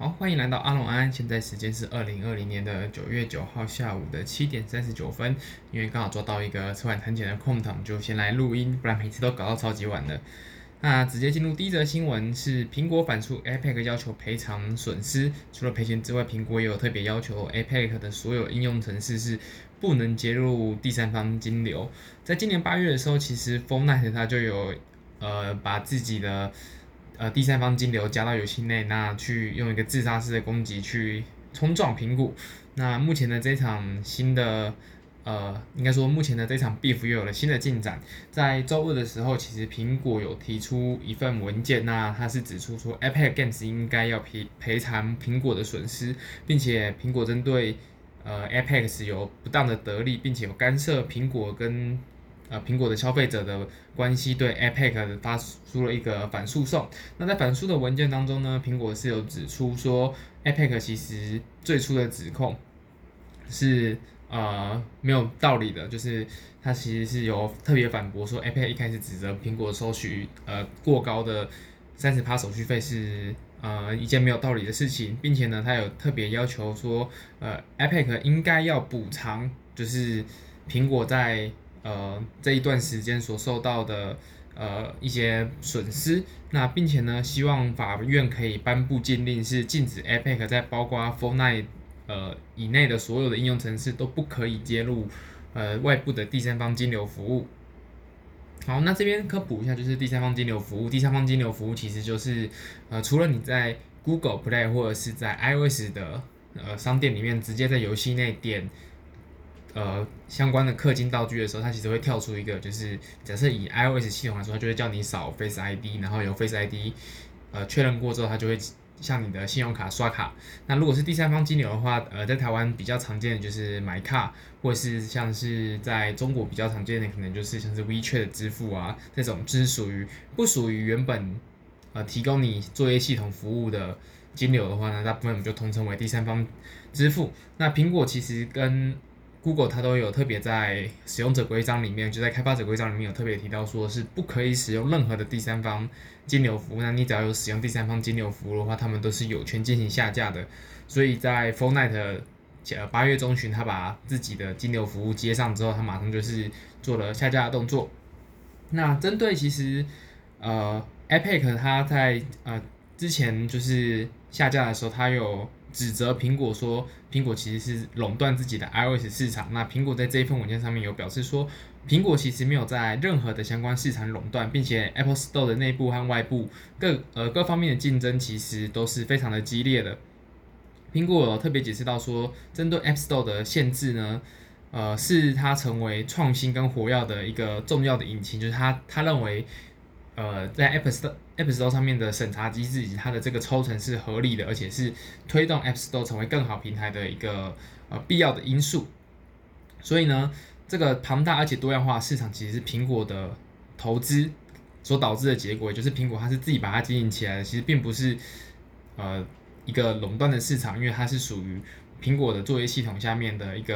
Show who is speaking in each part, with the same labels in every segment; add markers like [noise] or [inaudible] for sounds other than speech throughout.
Speaker 1: 好，歡迎來到阿隆安安，現在時間是二零二零年的九月九號下午的七點三十九分。因為剛好抓到一個吃晚餐前的空檔，就先來錄音，不然每次都搞到超級晚了。那直接進入第一則新聞是蘋果反訴 Epic 要求賠償損失。除了賠錢之外，蘋果也有特別要求 Epic 的所有應用程式是不能接入第三方金流。在今年八月的時候，其實 Fortnite 它就有呃把自己的。呃，第三方金流加到遊戲內，那去用一個自殺式的攻擊去衝撞蘋果。那目前的這場新的，呃，應該說目前的這場 beef 又有了新的進展。在週二的時候，其實蘋果有提出一份文件，那它是指出說 Epic Games 應該要賠賠償蘋果的損失，並且蘋果針對呃 Epic 有不當的得利，並且有干涉蘋果跟。啊、呃，蘋果的消費者的關係對 Epic 發出了一個反訴訟。那在反訴的文件當中呢，蘋果是有指出說 Epic 其實最初的指控是呃沒有道理的，就是它其實是有特別反駁說 Epic 一開始指責蘋果收取呃過高的三十趴手續費是呃一件沒有道理的事情，並且呢，它有特別要求說，呃 Epic 應該要補償，就是蘋果在。呃，這一段時間所受到的呃一些損失，那並且呢，希望法院可以頒布禁令，是禁止 Apple 在包括 App Store 呃以內的所有的應用程式都不可以接入呃外部的第三方金流服務。好，那這邊科普一下，就是第三方金流服務，第三方金流服務其實就是呃除了你在 Google Play 或者是在 iOS 的呃商店裡面直接在遊戲內點。呃，相關的氪金道具的時候，它其實會跳出一個，就是假設以 iOS 系統來說，它就會叫你掃 Face ID，然後有 Face ID，呃，確認過之後，它就會向你的信用卡刷卡。那如果是第三方金流的話，呃，在台灣比較常見的就是 MyCard，或是像是在中國比較常見的可能就是像是 WeChat 的支付啊，這種就是屬於不屬於原本呃提供你作業系統服務的金流的話呢，大部分我們就統稱為第三方支付。那蘋果其實跟 Google 它都有特別在使用者規章裡面，就在開發者規章裡面有特別提到，說是不可以使用任何的第三方金流服務。那你只要有使用第三方金流服務的話，他們都是有權進行下架的。所以在 Fortnite 呃八月中旬，他把自己的金流服務接上之後，他馬上就是做了下架的動作。那針對其實呃 Epic 他在呃之前就是下架的時候，他有指責蘋果說，蘋果其實是壟斷自己的 iOS 市場。那蘋果在這一份文件上面有表示說，蘋果其實沒有在任何的相關市場壟斷，並且 Apple Store 的內部和外部各呃各方面的競爭其實都是非常的激烈的。蘋果有特別解釋到說，針對 Apple Store 的限制呢，呃，是它成為創新跟活躍的一個重要的引擎，就是它，它認為，呃，在 Apple Store。App Store 上面的審查機制以及它的這個抽成是合理的，而且是推動 App Store 成為更好平台的一個呃必要的因素。所以呢，這個龐大而且多樣化市場其實是蘋果的投資所導致的結果，也就是蘋果它是自己把它經營起來的，其實並不是呃一個壟斷的市場，因為它是屬於蘋果的作業系統下面的一個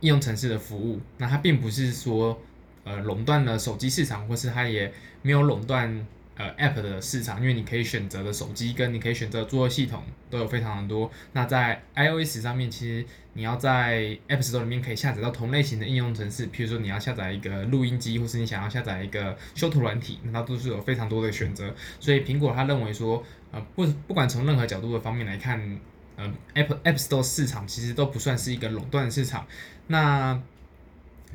Speaker 1: 應用程式的服務。那它並不是說呃壟斷了手機市場，或是它也沒有壟斷。呃，App 的市場，因為你可以選擇的手機跟你可以選擇的作業系統都有非常的多。那在 iOS 上面，其實你要在 App Store 裡面可以下載到同類型的應用程式，比如說你要下載一個錄音機，或是你想要下載一個修圖軟體，那都是有非常多的選擇。所以蘋果他認為說，呃，不，不管從任何角度的方面來看，呃，App App Store 市場其實都不算是一個壟斷市場。那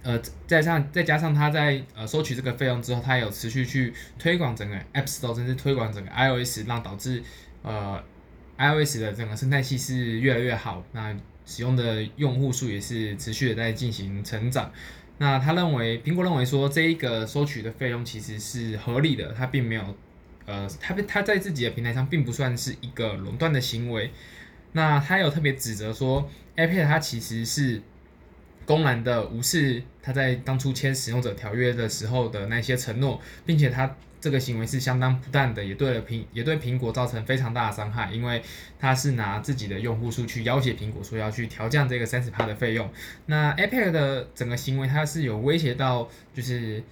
Speaker 1: 呃，再上再加上他在呃收取這個費用之後，他有持續去推廣整個 App Store，甚至推廣整個 iOS，讓導致呃 iOS 的整個生態系是越來越好，那使用的用戶數也是持續的在進行成長。那他認為蘋果認為說這一個收取的費用其實是合理的，他並沒有呃他他他在自己的平台上並不算是一個壟斷的行為。那他有特別指責說 iPad 它其實是。公然的無視他在當初簽使用者條約的時候的那些承諾，並且他這個行為是相當不當的，也對了蘋也對蘋果造成非常大的傷害，因為他是拿自己的用戶數去要挾蘋果，說要去調降這個三十趴的費用。那 Apple 的整個行為，它是有威脅到就是。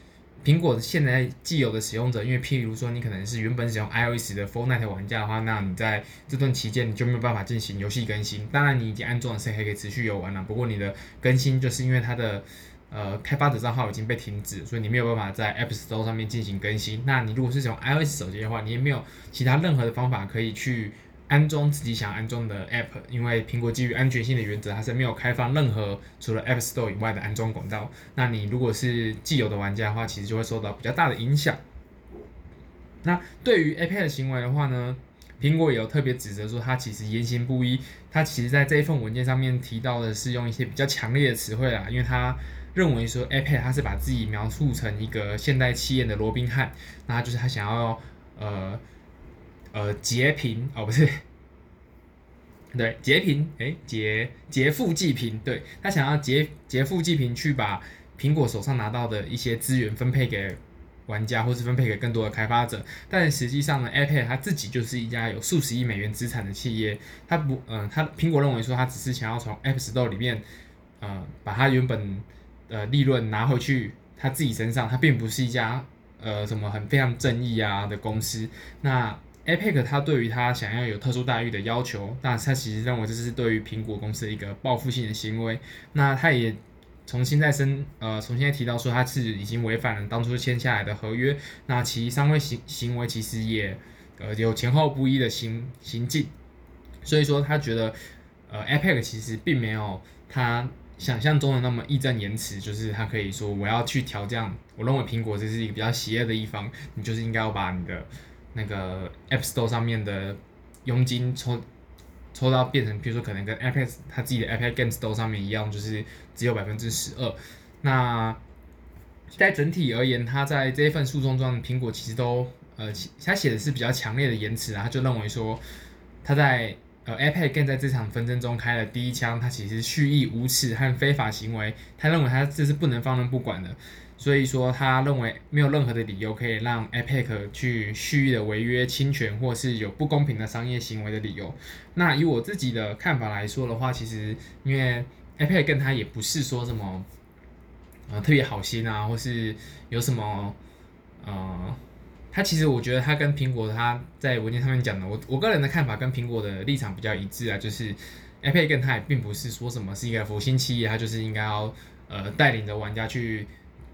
Speaker 1: 蘋果現在既有的使用者，因為譬如說你可能是原本使用 iOS 的 Fortnite 玩家的話，那你在這段期間你就沒有辦法進行遊戲更新。當然，你已經安裝了，所以還可以持續遊玩了。不過你的更新就是因為它的呃開發者賬號已經被停止，所以你沒有辦法在 App Store 上面進行更新。那你如果是使用 iOS 手機的話，你也沒有其他任何的方法可以去。安裝自己想安裝的 App，因為蘋果基於安全性的原則，它是沒有開放任何除了 App Store 以外的安裝管道。那你如果是既有的玩家的話，其實就會受到比較大的影響。那對於 Epic 的行為的話呢，蘋果也有特別指責說它其實言行不一。它其實在這一份文件上面提到的是用一些比較強烈的詞彙啦，因為它認為說 Epic 它是把自己描述成一個現代企業的羅賓漢，那就是它想要呃。呃，截屏，哦，不是，對，截屏，哎，截截富濟貧，對，他想要截截富濟貧，去把蘋果手上拿到的一些資源分配給玩家，或是分配給更多的開發者。但實際上呢，iPad 它自己就是一家有數十億美元資產的企業，它不，嗯、呃，它蘋果認為說，它只是想要從 App Store 裡面，呃，把它原本呃利潤拿回去他自己身上，他並不是一家呃什麼很非常正義啊的公司，那。Epic 他對於他想要有特殊待遇的要求，那他其實認為這是對於蘋果公司一個報復性的行為。那他也重新再申呃重新提到說他是已經違反了當初簽下來的合約。那其三位行行為其實也呃有前後不一的行行徑，所以說他覺得呃 Epic 其實並沒有他想象中的那麼義正言辭，就是他可以說我要去調降，我認為蘋果這是一個比較邪惡的一方，你就是應該要把你的。那個 App Store 上面的佣金抽，抽到變成，比如說可能跟 Epic 他自己的 Epic Game Store 上面一樣，就是只有百分之十二。那在整體而言，他在這一份訴狀中蘋果其實都，呃，他寫的是比較強烈的言辭，他就認為說他在呃 Epic Game 在這場紛爭中開了第一槍，他其實蓄意無恥和非法行為，他認為他這是不能放任不管的。所以說，他認為沒有任何的理由可以讓 Epic 去蓄意的違約、侵權，或是有不公平的商業行為的理由。那以我自己的看法來說的話，其實因為 Epic 跟他也不是說什麼、呃，特別好心啊，或是有什麼，呃，他其實我覺得他跟蘋果他在文件上面講的，我我個人的看法跟蘋果的立場比較一致啊，就是 Epic 跟他也並不是說什麼是一個佛心企業，他就是應該要呃帶領着玩家去。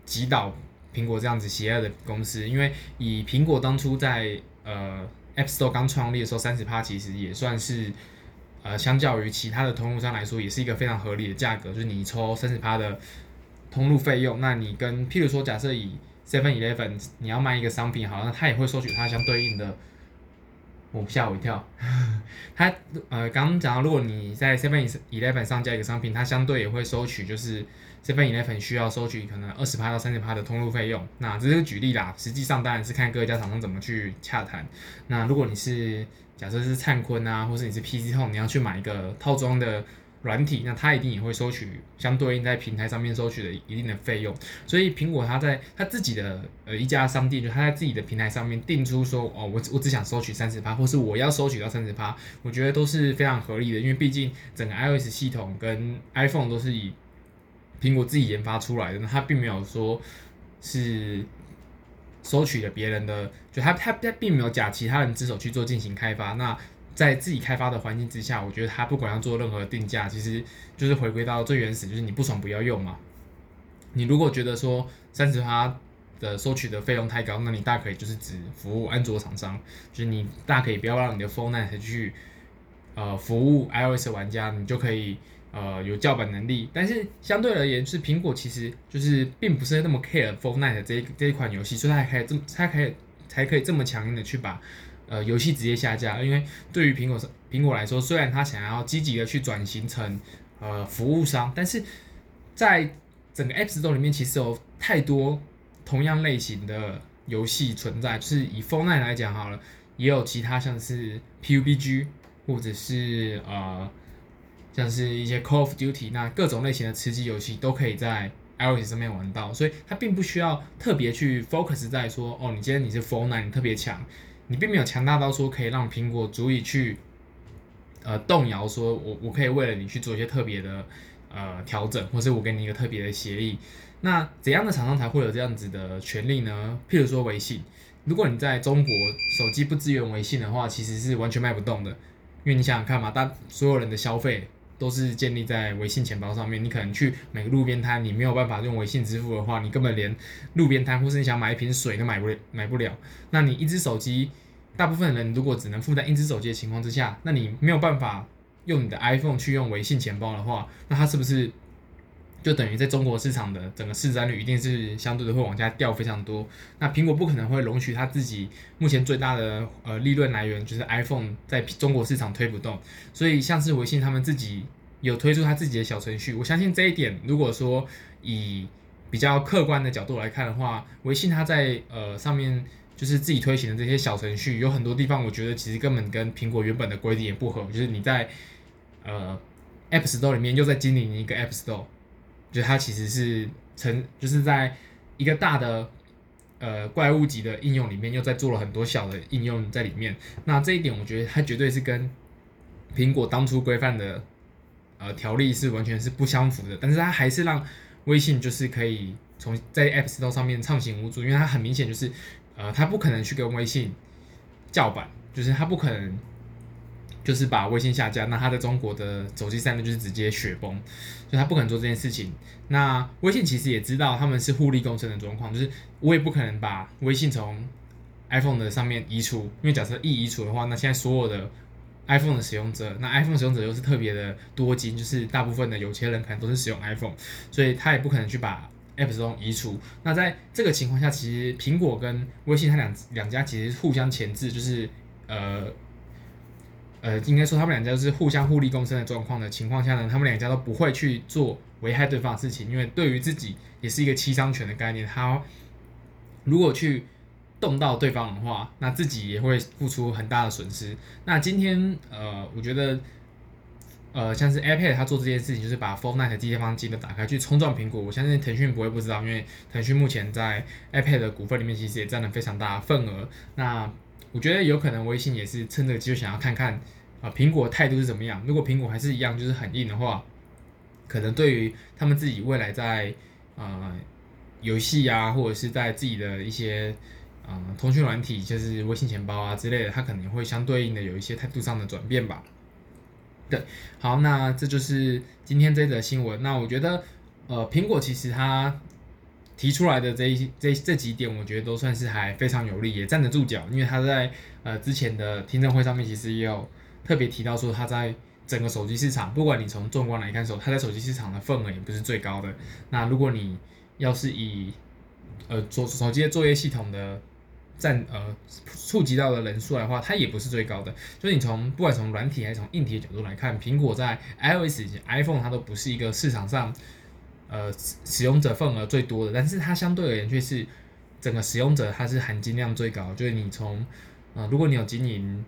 Speaker 1: 擊倒蘋果這樣子邪惡的公司，因為以蘋果當初在呃 App Store 剛創立的時候，三十趴其實也算是呃，相較於其他的通路商來說，也是一個非常合理的價格。就是你抽三十趴的通路費用，那你跟譬如說假設以 Seven Eleven 你要賣一個商品好，好像他也會收取他相對應的。我嚇我一跳， [laughs] 他呃剛講，剛剛講到如果你在 Seven Eleven 上架一個商品，他相對也會收取就是。這邊7-11需要收取可能二十趴到三十趴的通路費用，那這是個舉例啦，實際上當然是看各家廠商怎麼去洽談。那如果你是假設是燦坤啊，或是你是 PC Home，你要去買一個套裝的軟體，那他一定也會收取相對應在平台上面收取的一定的費用。所以蘋果他在他自己的呃一家商店，就他在自己的平台上面定出說哦，我我只想收取三十趴，或是我要收取到三十趴，我覺得都是非常合理的，因為畢竟整個 iOS 系統跟 iPhone 都是以。蘋果自己研發出來的，它並沒有說是收取了別人的，就它它它並沒有假其他人之手去做進行開發。那在自己開發的環境之下，我覺得它不管要做任何定價，其實就是回歸到最原始，就是你不爽不要用嘛。你如果覺得說30趴的收取的費用太高，那你大可以就是只服務安卓廠商，就是你大可以不要讓你的 Fortnite 去呃服務 iOS 玩家，你就可以。呃，有叫板能力，但是相對而言是蘋果，其實就是並不是那麼 care Fortnite 這一這一款遊戲，所以它才這麼，它可以才可以這麼強硬的去把呃遊戲直接下架，因為對於蘋果蘋果來說，雖然它想要積極的去轉型成呃服務商，但是在整個 App Store 裡面其實有太多同樣類型的遊戲存在，就是以 Fortnite 來講好了，也有其他像是 PUBG 或者是呃。像是一些 Call of Duty，那各種類型的吃雞遊戲都可以在 iOS 上面玩到，所以它並不需要特別去 focus 在說哦，你今天你是 Fortnite 特別強，你並沒有強大到說可以讓蘋果足以去呃動搖說我，我我可以為了你去做一些特別的呃調整，或是我給你一個特別的協議。那怎樣的廠商才會有這樣子的權利呢？譬如說微信，如果你在中國手機不支援微信的話，其實是完全賣不動的，因為你想想看嘛，當所有人的消費都是建立在微信錢包上面。你可能去買個路邊攤，你沒有辦法用微信支付的話，你根本連路邊攤或是你想買一瓶水都買不買不了。那你一隻手機，大部分人如果只能負擔一隻手機的情況之下，那你沒有辦法用你的 iPhone 去用微信錢包的話，那它是不是？就等於在中國市場的整個市占率一定是相對的會往下掉非常多。那蘋果不可能會容許他自己目前最大的呃利潤來源就是 iPhone 在中國市場推不動。所以像是微信他們自己有推出他自己的小程序，我相信這一點，如果說以比較客觀的角度來看的話，微信他在呃上面就是自己推行的這些小程序，有很多地方我覺得其實根本跟蘋果原本的規定也不合，就是你在呃 App Store 裡面又在經營一個 App Store。就它其實是成就是在一個大的呃怪物級的應用裡面，又在做了很多小的應用在裡面。那這一點，我覺得它絕對是跟蘋果當初規範的呃條例是完全是不相符的。但是它還是讓微信就是可以從在 App Store 上面暢行無阻，因為它很明顯就是呃它不可能去跟微信叫板，就是它不可能。就是把微信下架，那它在中國的手機上面就是直接雪崩，所以他不可能做這件事情。那微信其實也知道他們是互利共生的狀況，就是我也不可能把微信從 iPhone 的上面移除，因為假設一移除的話，那現在所有的 iPhone 的使用者，那 iPhone 使用者又是特別的多金，就是大部分的有錢人可能都是使用 iPhone，所以他也不可能去把 App Store 移除。那在這個情況下，其實蘋果跟微信它兩兩家其實互相鉗制，就是呃。呃，應該說他們兩家是互相互利共生的狀況的情況下呢，他們兩家都不會去做危害對方的事情，因為對於自己也是一個七傷拳的概念。他如果去動到對方的話，那自己也會付出很大的損失。那今天呃，我覺得呃，像是 Epic 他做這件事情，就是把 Fortnite 第三方機都打開去衝撞蘋果，我相信騰訊不會不知道，因為騰訊目前在 Epic 的股份裡面其實也占了非常大的份額。那。我覺得有可能微信也是趁這個機會想要看看，啊、呃，蘋果態度是怎麼樣。如果蘋果還是一樣就是很硬的話，可能對於他們自己未來在啊、呃、遊戲啊，或者是在自己的一些啊、呃、通訊軟體，就是微信錢包啊之類的，它可能會相對應的有一些態度上的轉變吧。對，好，那這就是今天這則新聞。那我覺得，呃，蘋果其實它。提出來的這一這這，這幾點，我覺得都算是還非常有利，也站得住腳。因為他在呃之前的聽證會上面，其實也有特別提到說，他在整個手機市場，不管你從縱觀來看的時候，他在手機市場的份額也不是最高的。那如果你要是以呃手手機作業系統的佔呃觸及到的人數來話，它也不是最高的。所以你從不管從軟體還是從硬體的角度來看，蘋果在 iOS 以及 iPhone 它都不是一個市場上。呃，使用者份額最多的，但是它相對而言卻是整個使用者它是含金量最高。就是你從啊、呃，如果你有經營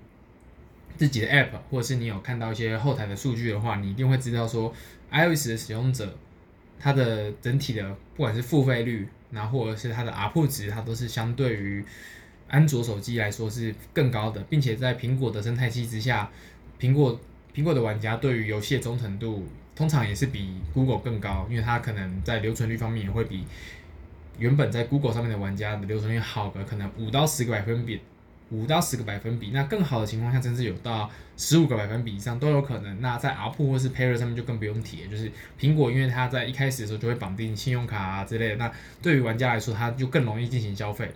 Speaker 1: 自己的 app，或者是你有看到一些後台的數據的話，你一定會知道說，iOS 的使用者它的整體的不管是付費率，然後或者是它的 ARPU 值，它都是相對於安卓手機來說是更高的，並且在蘋果的生態系之下，蘋果蘋果的玩家對於遊戲的忠誠度。通常也是比 Google 更高，因為它可能在留存率方面也會比原本在 Google 上面的玩家的留存率好的，可能五到十個百分比，五到十個百分比。那更好的情況下，甚至有到十五個百分比以上都有可能。那在 App 或是 Pay 上面就更不用提，就是蘋果因為它在一開始的時候就會綁定信用卡啊之類的，那對於玩家來說，它就更容易進行消費。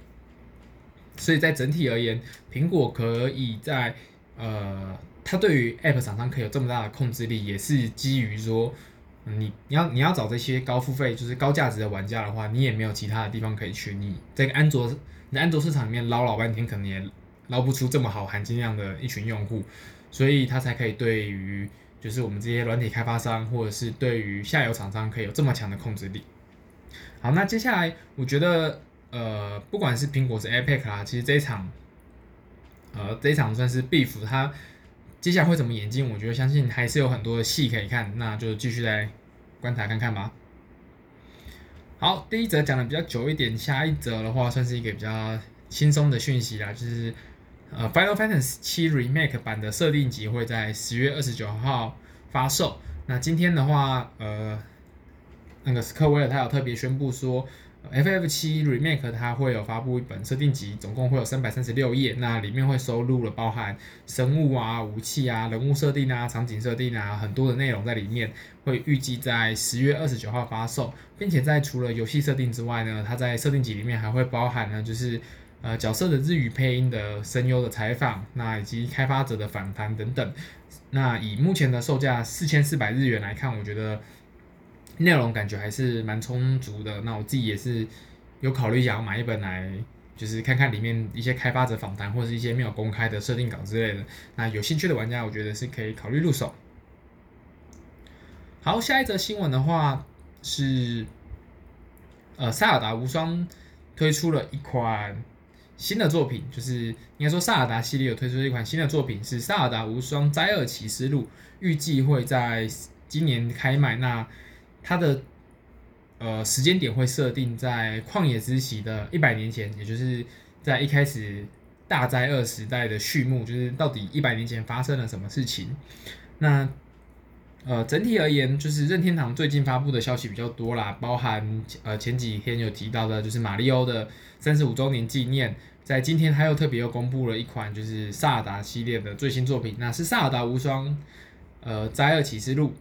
Speaker 1: 所以在整體而言，蘋果可以在呃。它對於 App 廠商可以有這麼大的控制力，也是基於說，嗯、你你要你要找這些高付費就是高價值的玩家的話，你也沒有其他的地方可以去。在 Android, 你在安卓，你安卓市場裡面撈老半天，可能也撈不出這麼好含金量的一群用戶，所以它才可以對於就是我們這些軟體開發商，或者是對於下游廠商可以有這麼強的控制力。好，那接下來我覺得，呃，不管是蘋果是 Epic 啦，其實這一場，呃，這一場算是 Beef 它。接下來會怎麼演進？我覺得相信還是有很多的戲可以看，那就繼續來觀察看看吧。好，第一則講的比較久一點，下一則的話算是一個比較輕鬆的訊息啦，就是呃《Final Fantasy VII Remake》版的設定集會在十月二十九號發售。那今天的話，呃，那個斯科威爾他有特別宣布說。FF 七 Remake 它會有發布一本設定集，總共會有三百三十六頁。那裡面會收錄了包含生物啊、武器啊、人物設定啊、場景設定啊，很多的內容在裡面。會預計在十月二十九號發售，並且在除了遊戲設定之外呢，它在設定集裡面還會包含呢，就是呃角色的日語配音的聲優的採訪，那以及開發者的訪談等等。那以目前的售價四千四百日元來看，我覺得。內容感覺還是蠻充足的。那我自己也是有考慮想要買一本來，就是看看裡面一些開發者訪談，或者是一些沒有公開的設定稿之類的。那有興趣的玩家，我覺得是可以考慮入手。好，下一則新聞的話是，呃，薩爾達無雙推出了一款新的作品，就是應該說薩爾達系列有推出一款新的作品，是《薩爾達無雙災厄啟示錄》，預計會在今年開賣。那它的呃時間點會設定在曠野之息的一百年前，也就是在一開始大災厄時代的序幕，就是到底一百年前發生了什麼事情？那呃整體而言，就是任天堂最近發布的消息比較多啦，包含呃前幾天有提到的，就是馬里奧的三十五週年紀念，在今天他又特別又公布了一款就是薩爾達系列的最新作品，那是薩爾達無雙呃災厄啟示錄。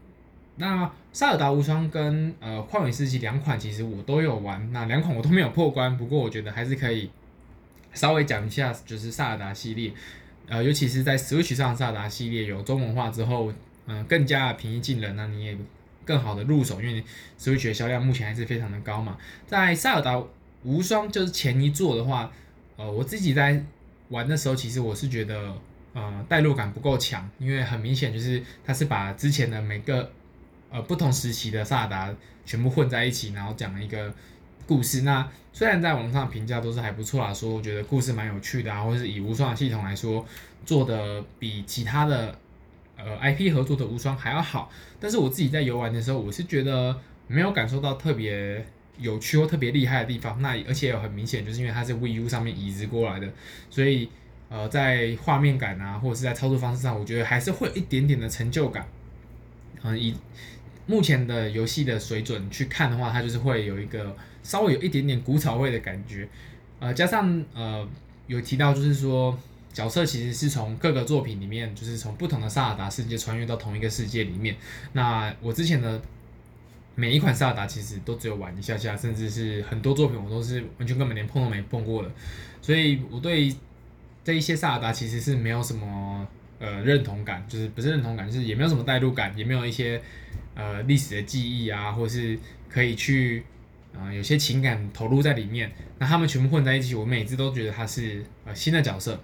Speaker 1: 那塞爾達無雙跟呃曠野之息兩款，其實我都有玩，那兩款我都沒有破關。不過我覺得還是可以稍微講一下，就是塞爾達系列，呃，尤其是在 Switch 上，塞爾達系列有中文化之後，嗯、呃，更加平易近人，那你也更好的入手，因為 Switch 的銷量目前還是非常的高嘛。在塞爾達無雙就是前一座的話，呃，我自己在玩的時候，其實我是覺得，呃，代入感不夠強，因為很明顯就是它是把之前的每個。呃不同時期的薩達、啊、全部混在一起，然後講了一個故事。那雖然在網絡上評價都是還不錯啊，說我覺得故事蠻有趣的，啊。或是以無雙系統來說，做的比其他的呃 IP 合作的無雙還要好。但是我自己在遊玩的時候，我是覺得沒有感受到特別有趣或特別厲害的地方。那而且也很明顯，就是因為它是 Wii u 上面移植過來的，所以呃在畫面感啊，或者是在操作方式上，我覺得還是會有一點點的成就感。嗯，以目前的遊戲的水準去看的話，它就是會有一個稍微有一點點古早味的感覺，呃，加上呃有提到就是說角色其實是從各個作品裡面，就是從不同的薩爾達世界穿越到同一個世界裡面。那我之前的每一款薩爾達其實都只有玩一下下，甚至是很多作品我都是完全根本連碰都沒碰過的。所以我對這一些薩爾達其實是沒有什麼呃認同感，就是不是認同感，就是也沒有什麼代入感，也沒有一些。呃，歷史的記憶啊，或是可以去啊、呃，有些情感投入在裡面。那他們全部混在一起，我每次都覺得他是呃新的角色。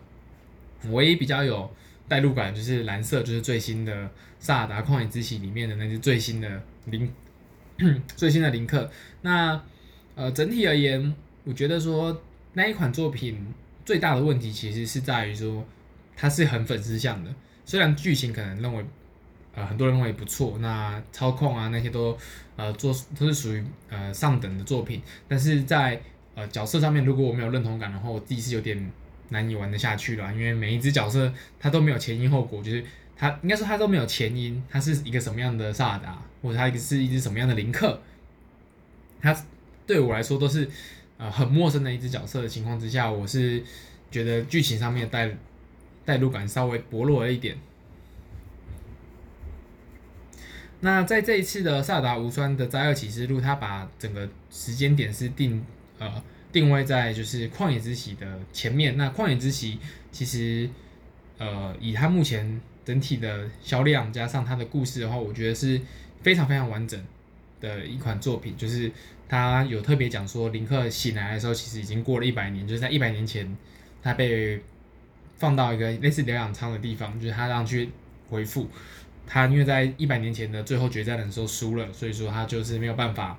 Speaker 1: 唯一比較有代入感就是藍色，就是最新的《薩爾達：曠野之息》裡面的那隻最新的林，最新的林克。那呃，整體而言，我覺得說那一款作品最大的問題其實是在於說它是很粉絲向的，雖然劇情可能認為。呃，很多人認為不錯，那操控啊那些都，呃，做都是屬於呃上等的作品。但是在呃角色上面，如果我沒有認同感的話，我自己是有點難以玩得下去了啊，因為每一隻角色他都沒有前因後果，就是他應該說他都沒有前因，他是一個什麼樣的薩爾達，或者他是一隻什麼樣的林克，他對我來說都是呃很陌生的一隻角色的情況之下，我是覺得劇情上面帶帶入感稍微薄弱了一點。那在這一次的薩爾達無雙的《災厄啟示錄》，他把整個時間點是定呃定位在就是曠野之息的前面。那曠野之息其實呃以他目前整體的銷量加上他的故事的話，我覺得是非常非常完整的一款作品。就是他有特別講說，林克醒來的時候其實已經過了一百年，就是在一百年前他被放到一個類似療養艙的地方，就是他讓去回復。他因為在一百年前的最後決戰的時候輸了，所以說他就是沒有辦法，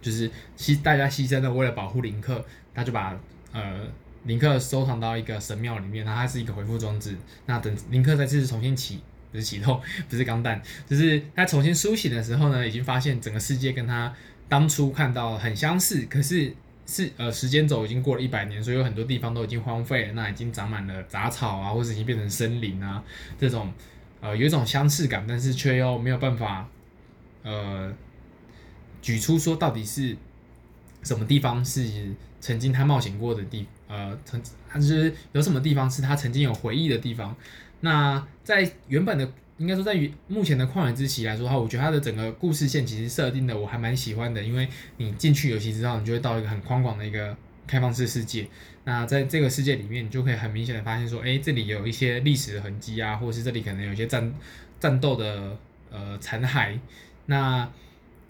Speaker 1: 就是犧大家犧牲了，為了保護林克，他就把呃林克收藏到一個神廟裡面。那他是一個回復裝置。那等林克再次重新啟不是啟動不是鋼彈，只、就是他重新蘇醒的時候呢，已經發現整個世界跟他當初看到很相似，可是是呃時間軸已經過了一百年，所以有很多地方都已經荒廢了，那已經長滿了雜草啊，或者已經變成森林啊這種。呃，有一種相似感，但是卻又沒有辦法，呃，舉出說到底是什麼地方是曾經他冒險過的地，呃，曾還是有什麼地方是他曾經有回憶的地方。那在原本的應該說在於目前的曠野之息來說的話，我覺得他的整個故事線其實設定的我還蠻喜歡的，因為你進去遊戲之後，你就會到一個很寬廣的一個。開放式世界，那在這個世界裡面，你就可以很明顯的發現說，哎，這裡有一些歷史的痕跡啊，或者是這裡可能有一些戰戰鬥的呃殘骸。那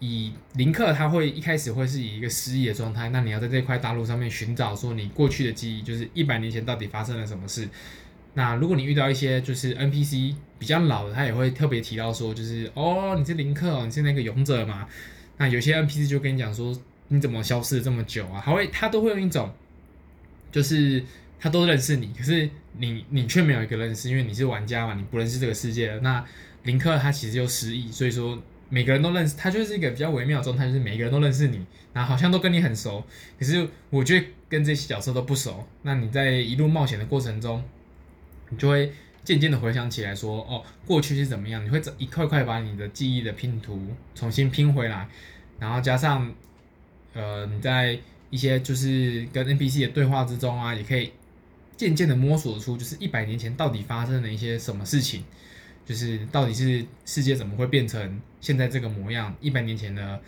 Speaker 1: 以林克，他會一開始會是以一個失憶的狀態，那你要在這塊大陸上面尋找說你過去的記憶，就是一百年前到底發生了什麼事。那如果你遇到一些就是 NPC 比較老的，他也會特別提到說，就是哦，你是林克，你是那個勇者嘛。那有些 NPC 就跟你講說。你怎麼消失這麼久啊？他會，他都會用一種，就是他都認識你，可是你你卻沒有一個認識，因為你是玩家嘛，你不認識這個世界。那林克他其實就失憶，所以說每個人都認識他，就是一個比較微妙的狀態，就是每個人都認識你，然後好像都跟你很熟，可是我覺得跟這些角色都不熟。那你在一路冒險的過程中，你就會漸漸的回想起來說，說哦，過去是怎麼樣？你會一塊塊把你的記憶的拼圖重新拼回來，然後加上。呃，你在一些就是跟 NPC 的對話之中啊，也可以漸漸的摸索出，就是一百年前到底發生了一些什麼事情，就是到底是世界怎麼會變成現在這個模樣，一百年前的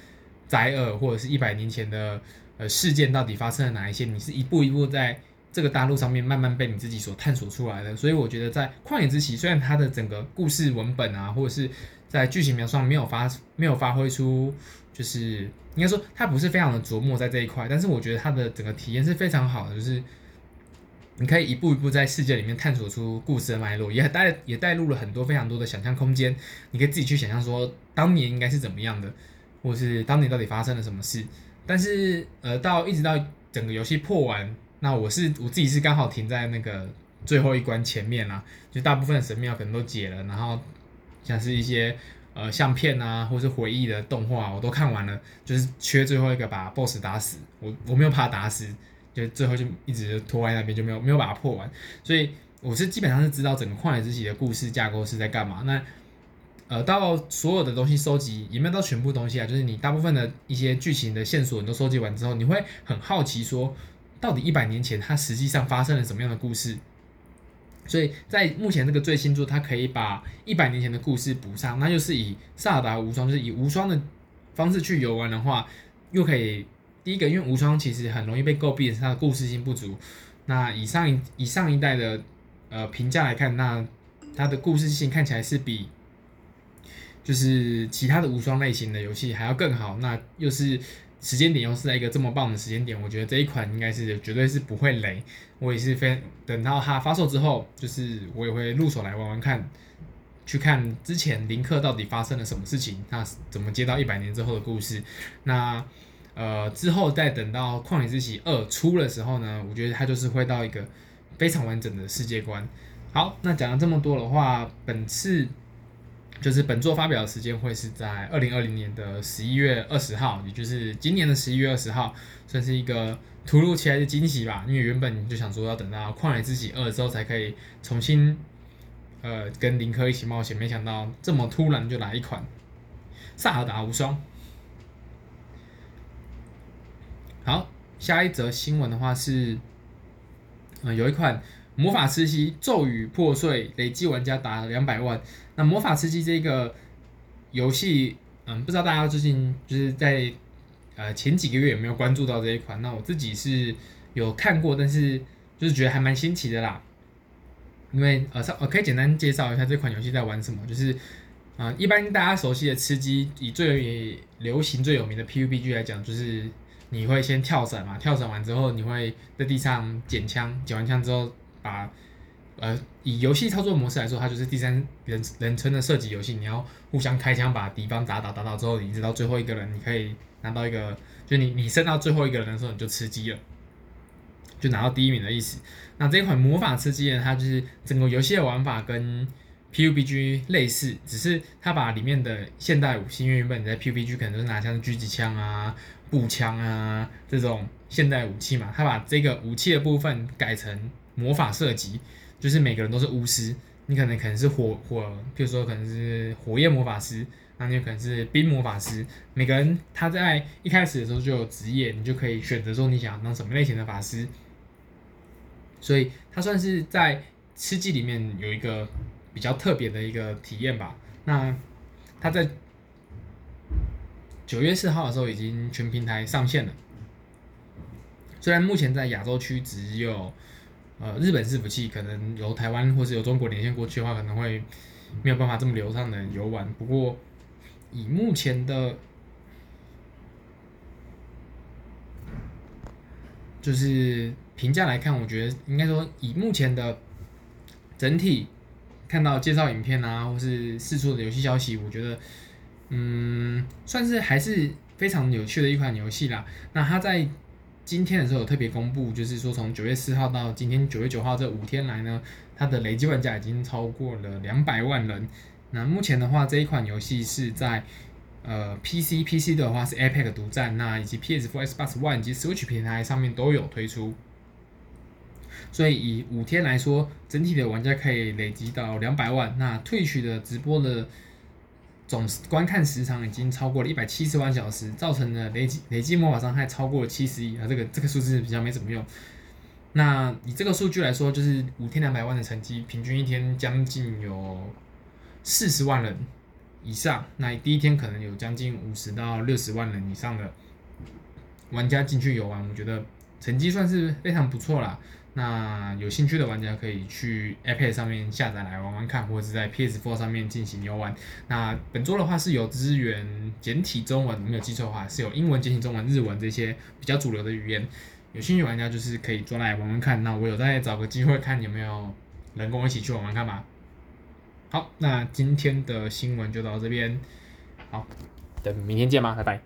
Speaker 1: 災厄或者是一百年前的呃事件到底發生了哪一些，你是一步一步在這個大陸上面慢慢被你自己所探索出來的。所以我覺得在曠野之息，雖然它的整個故事文本啊，或者是在劇情描述上沒有發沒有發揮出就是。應該說它不是非常的琢磨在這一塊，但是我覺得它的整個體驗是非常好的，就是你可以一步一步在世界裡面探索出故事的脈絡，也帶也帶入了很多非常多的想象空間，你可以自己去想象說當年應該是怎麼樣的，或是當年到底發生了什麼事。但是呃，到一直到整個遊戲破完，那我是我自己是剛好停在那個最後一關前面啦，就大部分的神廟可能都解了，然後像是一些。呃，相片啊，或是回憶的動畫啊，我都看完了，就是缺最後一個把 boss 打死。我我沒有把它打死，就最後就一直拖在那邊，就沒有沒有把它破完。所以我是基本上是知道整個曠野之息的故事架構是在幹嘛。那呃，到所有的東西收集，也沒有到全部東西啊？就是你大部分的一些劇情的線索，你都收集完之後，你會很好奇說，到底一百年前它實際上發生了什麼樣的故事？所以在目前這個最新作，它可以把一百年前的故事補上，那就是以薩爾達無雙，就是以無雙的方式去遊玩的話，又可以第一個，因為無雙其實很容易被詬病是它的故事性不足。那以上一以上一代的呃評價來看，那它的故事性看起來是比就是其他的無雙類型的遊戲還要更好。那又是。時間點又是在一個這麼棒的時間點，我覺得這一款應該是絕對是不會雷。我也是非等到它發售之後，就是我也會入手來玩玩看，去看之前林克到底發生了什麼事情，那怎麼接到一百年之後的故事？那呃之後再等到《曠野之息二》出的時候呢，我覺得它就是會到一個非常完整的世界觀。好，那講了這麼多的話，本次。就是本作發表的時間會是在二零二零年的十一月二十號，也就是今年的十一月二十號，算是一個突如其來的驚喜吧。因為原本就想說要等到《曠野之息二》之後才可以重新，呃，跟林克一起冒險，沒想到這麼突然就來一款《薩爾達無雙》。好，下一則新聞的話是，啊、呃，有一款。魔法吃雞，咒語破碎，累計玩家達兩百萬。那魔法吃雞這個遊戲，嗯，不知道大家最近就是在呃前幾個月有沒有關注到這一款？那我自己是有看過，但是就是覺得還蠻新奇的啦。因為呃，我、呃、可以簡單介紹一下這款遊戲在玩什麼，就是啊、呃，一般大家熟悉的吃雞，以最流行、最有名的 PUBG 來講，就是你會先跳傘嘛，跳傘完之後你會在地上撿槍，撿完槍之後。把，呃，以遊戲操作模式來說，它就是第三人人稱的射擊遊戲。你要互相開槍，把敵方打倒，打倒之後，你直到最後一個人，你可以拿到一個，就你你剩到最後一個人的時候，你就吃雞了，就拿到第一名的意思。那這一款魔法吃雞呢，它就是整個遊戲的玩法跟 PUBG 類似，只是它把裡面的現代武器，因為原本你在 PUBG 可能都是拿槍、狙擊槍啊、步槍啊這種現代武器嘛，它把這個武器的部分改成。魔法射擊就是每個人都是巫師，你可能可能是火火，比如說可能是火焰魔法師，那你可能是冰魔法師。每個人他在一開始的時候就有職業，你就可以選擇說你想當什麼類型的法師。所以他算是在吃雞裡面有一個比較特別的一個體驗吧。那他在九月四號的時候已經全平台上線了，雖然目前在亞洲區只有。呃，日本伺服器，可能由台灣或是由中國連線過去的話，可能會沒有辦法這麼流暢的遊玩。不過以目前的，就是評價來看，我覺得應該說以目前的整體看到介紹影片啊，或是四處的遊戲消息，我覺得嗯，算是還是非常有趣的一款遊戲啦。那它在。今天的時候有特別公布，就是說從九月四號到今天九月九號這五天來呢，它的累計玩家已經超過了兩百萬人。那目前的話，這一款遊戲是在呃 PC、PC 的話是 Epic 獨佔，那以及 PS4、Xbox One 以及 Switch 平台上面都有推出。所以以五天來說，整體的玩家可以累積到兩百萬。那 Twitch 的直播的。總觀看時長已經超過了一百七十萬小時，造成的累計累計魔法傷害超過了七十億啊、這個，這個這個數字比較沒怎麼用。那以這個數據來說，就是五天兩百萬的成績，平均一天將近有四十萬人以上。那第一天可能有將近五十到六十萬人以上的玩家進去遊玩，我覺得成績算是非常不錯啦。那有興趣的玩家可以去 iPad 上面下載來玩玩看，或者是在 PS4 上面進行遊玩。那本作的話是有支援簡體中文，沒有記錯的話是有英文、簡體中文、日文這些比較主流的語言。有興趣的玩家就是可以抓來玩玩看。那我有再找個機會看有沒有人跟我一起去玩玩看吧。好，那今天的新聞就到這邊。好，等明天見吧，拜拜。